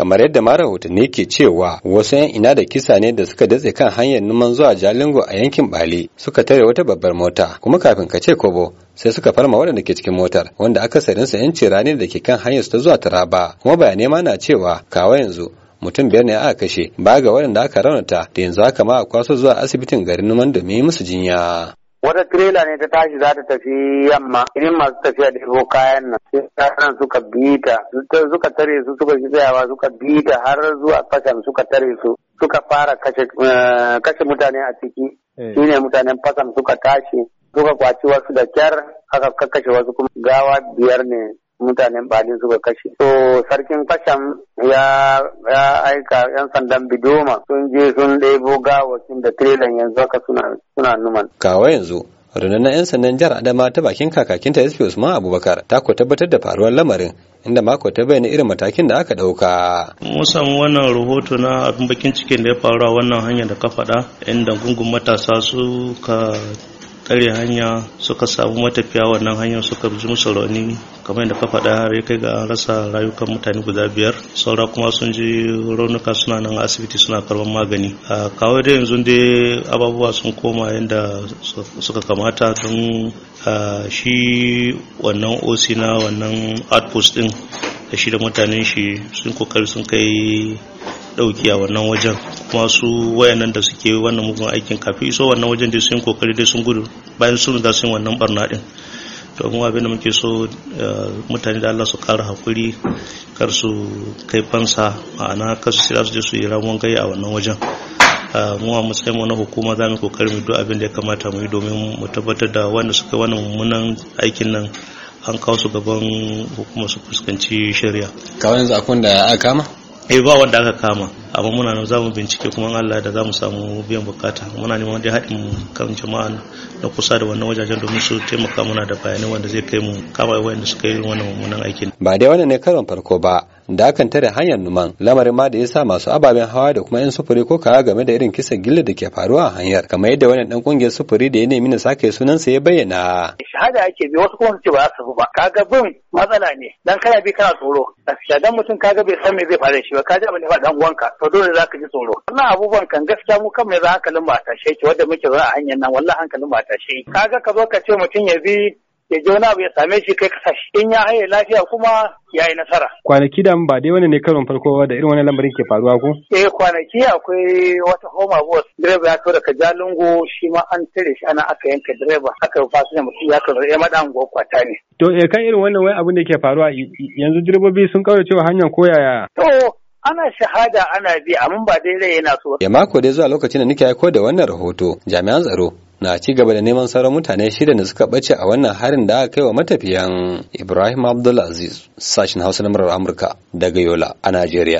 kamar yadda ma rahotanni ke cewa wasu 'yan ina da kisa ne da suka datse kan hanyar numan zuwa jalingo a yankin bali suka tare wata babbar mota kuma kafin ka ce kobo sai suka farma waɗanda ke cikin motar wanda aka akasarin su 'yan ranar da ke kan hanyar su ta zuwa taraba kuma bayanai ma na cewa kawa yanzu mutum biyar ne aka kashe ba ga waɗanda aka raunata da yanzu haka ma a kwaso zuwa asibitin garin numan domin musu jinya wata tirela ne ta tashi za ta tafi yamma irin masu tafiya da ko kayan nan sai kayan suka bita suka tare su suka shi tsayawa suka bita har zuwa fashan suka tare su suka fara kashe eh, mutane a ciki eh. shine mutanen fashan suka tashi suka kwaci wasu da kyar aka kakkashe wasu kuma gawa biyar ne mutanen Bali suka kashe. So sarkin Fasham ya aika 'yan sandan Bidoma sun je sun ɗebo gawakin da tirelan yanzu haka suna numan. Kawa yanzu rundunar 'yan sandan jihar adama ta bakin kakakinta sp usman abubakar ta ko tabbatar da faruwar lamarin inda mako ta bayyana irin matakin da aka ɗauka. mun samu wannan rahoto na abin bakin cikin da ya faru a wannan hanya da ka faɗa inda gungun matasa suka tsare hanya suka samu matafiya wannan hanyar suka ji musu rauni kamar yadda ka faɗa har ya kai ga an rasa rayukan mutane guda biyar saura kuma sun ji raunuka suna nan asibiti suna karɓar magani a kawo da yanzu dai ababuwa sun koma yadda suka kamata don shi wannan oc na wannan outpost din da shi da mutanen shi sun kokari sun kai dauki a wannan wajen kuma su wayannan da suke wannan mugun aikin kafin iso wannan wajen dai sun kokari dai sun gudu bayan sun da sun wannan barna din to mu abin da muke so eh, mutane da Allah su kara hakuri kar su kai fansa ma'ana kar su sira su je su yi ramuwan gayya a wannan wajen eh, mu a matsayin wani hukuma za mu kokari mu duk abin da ya kamata mu yi domin mu tabbatar da wanda suka wani mummunan aikin nan an kawo su gaban hukumar su fuskanci shari'a kawai yanzu akwai da aka kama eh ba wanda aka kama amma muna nan zamu bincike kuma Allah da mu samu biyan bukata muna neman ya haɗin kan jama'a na kusa da wannan wajajen domin su taimaka muna da bayanai wanda zai kai mu kama wanda suka yi wannan mummunan aikin ba dai wannan ne karon farko ba da akan tare hanyar numan lamarin ma da ya sa masu ababen hawa da kuma yan sufuri ko kawa game da irin kisan gilla da ke faruwa a hanyar kamar yadda wannan dan kungiyar sufuri da ya nemi na sake sunansa ya bayyana shahada ake bi wasu kuma ce ba za su ba kaga bin matsala ne dan kana bi kana tsoro gaskiya dan mutum kaga bai san me zai fara shi ba kaji abin da ba dan uwanka to dole ka ji tsoro wannan abubuwan kan gaskiya mu kan me za hankalin mu a tashe wanda muke zuwa a hanyar nan wallahi hankalin mu a tashe kaga ka zo ka ce mutum ya bi ya ji wani abu ya same shi kai shi in ya haye lafiya kuma ya yi nasara. Kwanaki da ba dai wani ne karon farko da irin wani lambarin ke faruwa ko? Eh kwanaki akwai wata homa bus direba ya kawo daga jalungo shi ma an tare shi ana aka yanka direba aka yi fasu da mutum ya kan ya eh, maɗa anguwar kwata ne. To eh kan irin wannan wani abin da ke faruwa yanzu direbobi sun kaurace wa hanyar koyaya. To ana shahada ana bi amma ba dai rai yana so. Ya mako dai zuwa lokacin da nake aiko da wannan rahoto jami'an tsaro na ci gaba da neman sauran mutane shida da suka bace a wannan harin da aka kai wa matafiyan Ibrahim Abdulaziz sashin Hausa na Amurka daga Yola a Najeriya.